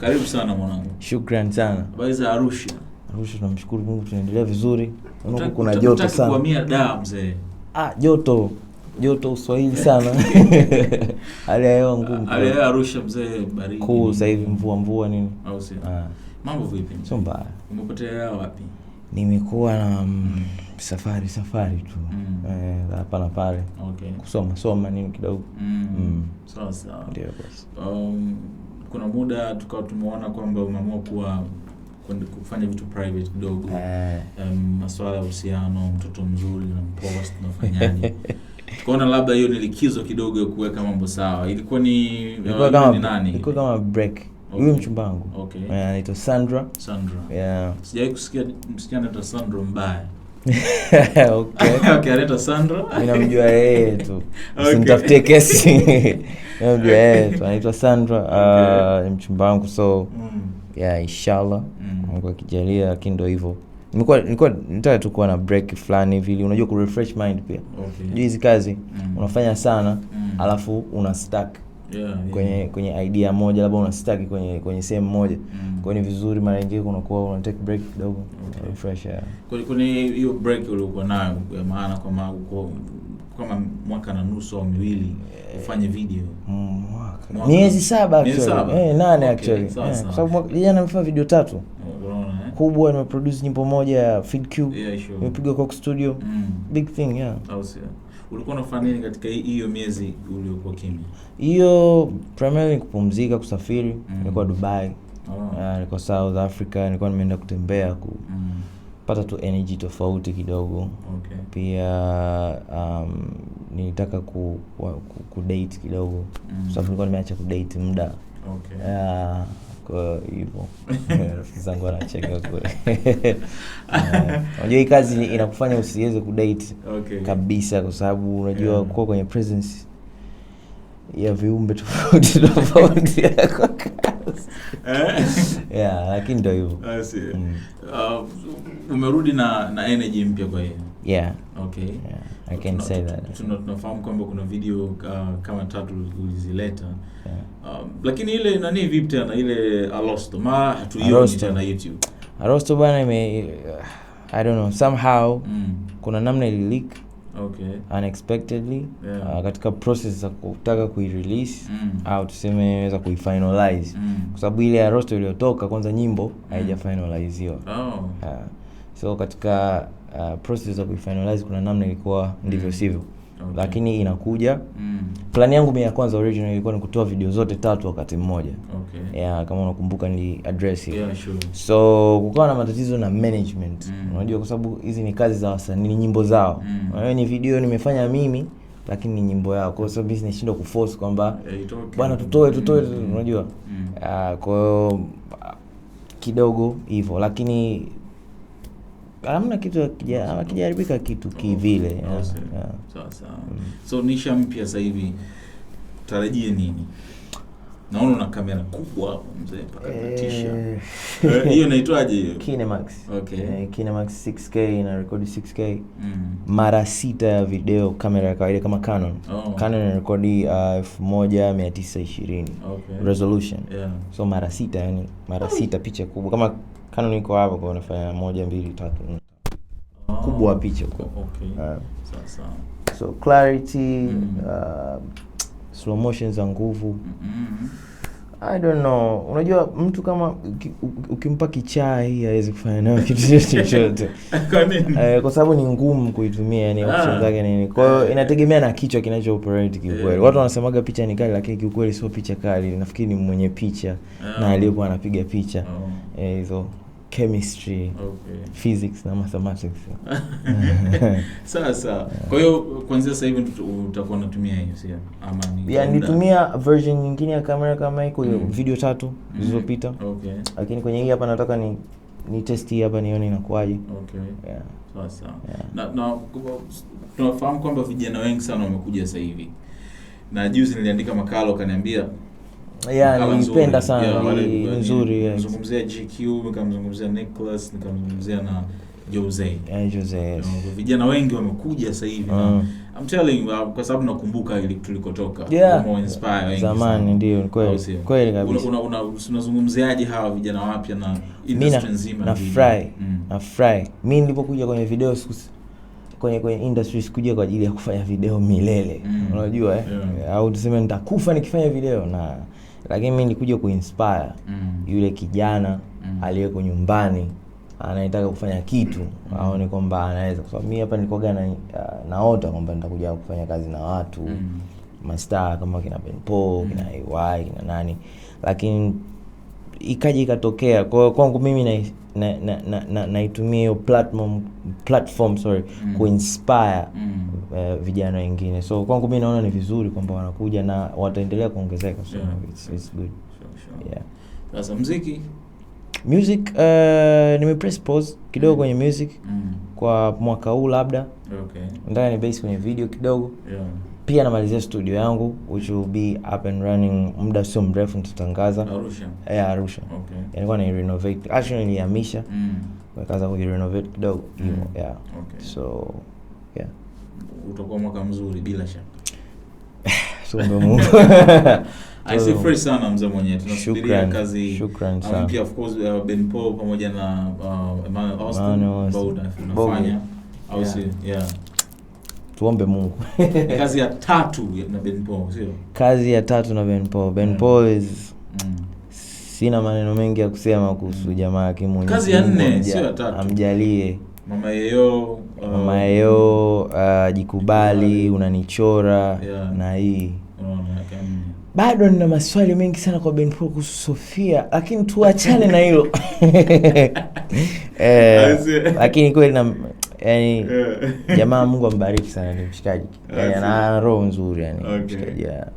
Karibu sana mwanangu. Shukrani sana. Habari za Arusha? Arusha tunamshukuru Mungu tunaendelea vizuri. Unaona kuna joto sana. Kuhamia Dar mzee. Ah, joto. Joto Uswahili sana. Hali ya hewa ngumu. Hali ya Arusha mzee baridi. kuu sasa hivi mvua mvua nini? Au sio? Ah. Mambo vipi? Sio mbaya. Umepotelea wapi? Nimekuwa na mm, safari safari tu mm. Eh, hapa na pale. Okay. Kusoma soma nini kidogo. Mm. Mm. Sawa sawa. Ndio basi. Um, kuna muda tukawa tumeona kwamba umeamua kuwa kufanya vitu private kidogo eh. Um, maswala ya uhusiano, mtoto mzuri na mpoa, tunafanyaje? tukaona labda hiyo ni likizo kidogo ya kuweka mambo sawa. Ilikuwa ni ilikuwa uh, kama, nani? Ilikuwa kama break huyu okay. Mchumba wangu okay. Eh, anaitwa Sandra. Sandra. Yeah. Sijawahi kusikia msichana anaitwa Sandra mbaya okay. okay, namjua yeye Okay. kesi. namjua yeye tu. Anaitwa sandra Okay. Uh, mchumba wangu so mm. yeah, inshallah mm. Mungu akijalia lakini ndo hivo Nilikuwa nitaka tu kuwa na break fulani Unajua ku mind pia. Okay. Juu hizi kazi mm. unafanya sana mm. alafu una yeah, yeah. kwenye kwenye idea moja labda unasitaki kwenye kwenye sehemu moja mm. kwao ni vizuri mara nyingine kunakuwa una take break kidogo okay. refresh yeah. kwenye hiyo break uliokuwa nayo ya maana kwa kwama kama mwaka na nusu au miwili eh. ufanye video mm, mwaka miezi saba actually eh nane actually eh, kwa sababu jana nimefanya video tatu oh, eh? kubwa nimeproduce nyimbo moja ya Feed Cube yeah, sure. nimepiga Coke Studio mm. big thing yeah. House, yeah ulikuwa unafanya nini katika hiyo miezi uliokuwa kimya? Hiyo primarily ni kupumzika, kusafiri. mm. Nilikuwa Dubai. oh. Uh, nilikuwa South Africa, nilikuwa nimeenda kutembea kupata mm. tu energy tofauti kidogo. okay. Pia um, nilitaka ku, ku, ku, ku date kidogo mm. kwa sababu nilikuwa nimeacha ku date muda. okay. uh, kwa hivyo rafiki zangu wanacheka kule. Unajua hii kazi inakufanya usiweze kudate okay, kabisa kwa sababu unajua yeah, kuwa kwenye presence ya viumbe tofauti tofauti yako kazi. Eh? Yeah, lakini ndio hivyo. Mm. Uh, umerudi na na energy mpya kwa hiyo. Yeah. Okay. Yeah. I can tuna, say that. tunafahamu kwamba kuna video uh, kama tatu ulizileta. Yeah. Um, lakini ile nani vipi tena ile Arosto ma hatuioni tena YouTube. Arosto bwana ime uh, I don't know somehow mm. kuna namna ililik Okay. Unexpectedly yeah. Uh, katika process za kutaka kuirelease mm. au tuseme weza kuifinalize mm. kwa sababu ile Arosto iliyotoka kwanza nyimbo mm. haijafinaliziwa. Oh. Uh, so katika uh, process ya kuifinalize kuna namna ilikuwa ndivyo mm. sivyo okay. Lakini inakuja mm. Plani yangu mimi ya kwanza original ilikuwa ni kutoa video zote tatu wakati mmoja okay. Yeah, kama unakumbuka ni address yeah, sure. So kukawa na matatizo na management mm. Unajua kwa sababu hizi ni kazi za wasanii, ni nyimbo zao mm. Unajua ni video nimefanya mimi lakini ni nyimbo yao, kwa sababu mimi nashindwa kuforce kwamba eh, bwana tutoe tutoe, mm. unajua. mm. uh, Kwa hiyo kidogo hivyo, lakini hamna kitu hakijaharibika kitu kivile. Sawa So Nisha mpya sasa hivi tarajie nini? Naona una kamera kubwa hapo mzee mpaka natisha eh. eh, Hiyo inaitwaje hiyo? Kinemax. 6K eh, ina rekodi 6K. Mm. Mara sita ya video kamera ya kawaida kama Canon. Oh. Canon ina record 1920. Uh, okay. Resolution. Yeah. So mara sita yani mara sita picha kubwa kama kana niko hapo kwa nafanya moja mbili tatu nne. Oh, kubwa ah, picha kwa. Okay. Uh, sawa So clarity mm -hmm. uh, slow motion za nguvu mm -hmm. I don't know. Unajua mtu kama ukimpa kichai hawezi kufanya nayo kitu chochote. Kwa nini? Uh, kwa sababu ni ngumu kuitumia yani option ah, zake nini. Kwa hiyo eh. inategemea na kichwa kinacho operate kiukweli. Yeah. Watu wanasemaga picha ni kali lakini kiukweli sio picha kali. Nafikiri ni mwenye picha oh, na aliyokuwa anapiga picha. Oh. Eh, hizo chemistry okay, physics na mathematics sawa sawa. Kwa hiyo kuanzia sasa hivi utakuwa unatumia hiyo sio ama ni yeah, nitumia version nyingine ya kamera kama hiyo mm, video tatu mm. zilizopita mm, okay, lakini kwenye hii hapa nataka ni ni test hii hapa nione inakuaje. Okay, yeah, sawa sawa yeah. Na, na tunafahamu kwamba vijana wengi sana wamekuja sasa hivi, na juzi niliandika makala ukaniambia Yeah, nilipenda sana, ni nzuri. Nikamzungumzia GQ, nikamzungumzia Nicholas, nikamzungumzia na Jose. Yeah, Jose. Yes. Vijana wengi wamekuja sasa hivi. Mm. I'm telling you kwa sababu nakumbuka ili tulikotoka. Yeah. Zamani ndio kweli. Una unazungumziaje una, una hawa vijana wapya na industry nzima? Na fry. Mm. Na fry. Mimi nilipokuja kwenye video siku kwenye kwenye industry sikuja kwa ajili ya kufanya video milele. Mm. Unajua eh? Yeah. Au tuseme nitakufa nikifanya video na lakini mi nikuja kuinspire mm. yule kijana mm. aliyeko nyumbani anayetaka kufanya kitu mm. aone kwamba anaweza, kwa sababu mi hapa nikuaga na, uh, naota kwamba nitakuja kufanya kazi na watu mm. mastaa kama kina Benpo mm. kina AY kina nani, lakini ikaja ikatokea. Kwa kwangu mimi naitumia na, na, na, na, na hiyo platform, platform sorry, mm. kuinspire mm. uh, vijana wengine, so kwangu mimi naona ni vizuri kwamba wanakuja na wataendelea kuongezeka, so yeah. it's, it's good sure, sure. Yeah. Sasa muziki music uh, nimepress pause kidogo mm. kwenye mm. music mm. kwa mwaka huu labda okay. Nataka ni base kwenye video kidogo yeah pia namalizia studio yangu which will be up and running muda sio mrefu, nitatangaza Arusha. Yeah, Arusha. Okay. Yaani ni renovate. Actually nilihamisha. Mm. wakaza ku renovate kidogo mm. hivyo. Mm. Yeah. Okay. So yeah. Utakuwa mwaka mzuri bila shaka. Sumbe Mungu. I see fresh sana mzee mwenyewe. Tunasubiria kazi. Shukrani ah, sana. Pia of course uh, Ben Paul pamoja na uh, Emmanuel Austin Bowden uh, tunafanya. Au si? Yeah tuombe Mungu. kazi ya tatu na Ben Paul, sio? Kazi ya tatu na Ben Paul. Ben Paul is mm. Sina maneno mengi ya kusema kuhusu mm. jamaa yake kimwenye. Kazi ya nne sio ya tatu. Amjalie. Mama Yeyo, uh, Mama Yeyo uh, jikubali, unanichora yeah. na hii bado nina maswali mengi sana kwa Ben Paul kuhusu Sofia, lakini tuachane na hilo eh, lakini kweli na yani jamaa Mungu ambariki sana, ni mshikaji yani ana roho nzuri yani okay. mshikaji yeah.